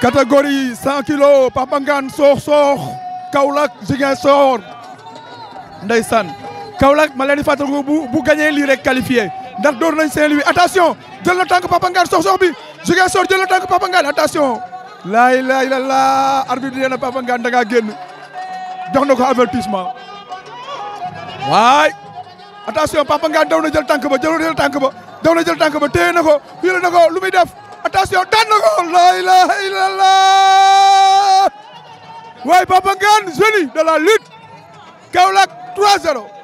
catégorie 100 kilos Papa sor sor Kaulak Kaolack sor ndeysaan Kaulak ma leen di fàttaliku bu bu gagné lii rek qualifié ndax door nañ Saint-Louis attention jël la tànk Papa sor soox soox bi Ziguinchor jël na tànk Papa Ngane attention laa ilaaha illallaah arbitre bi nee na Papa Ngane da ngaa génn jox na avertissement waay attention Papa Ngane daw na jël tànk ba jël na jël tànk ba daw na jël tànk ba téye na ko la na ko def attention daan na ko la ilaha illallah waaye Papa Ngane génie de la lutte Kaolack 3-0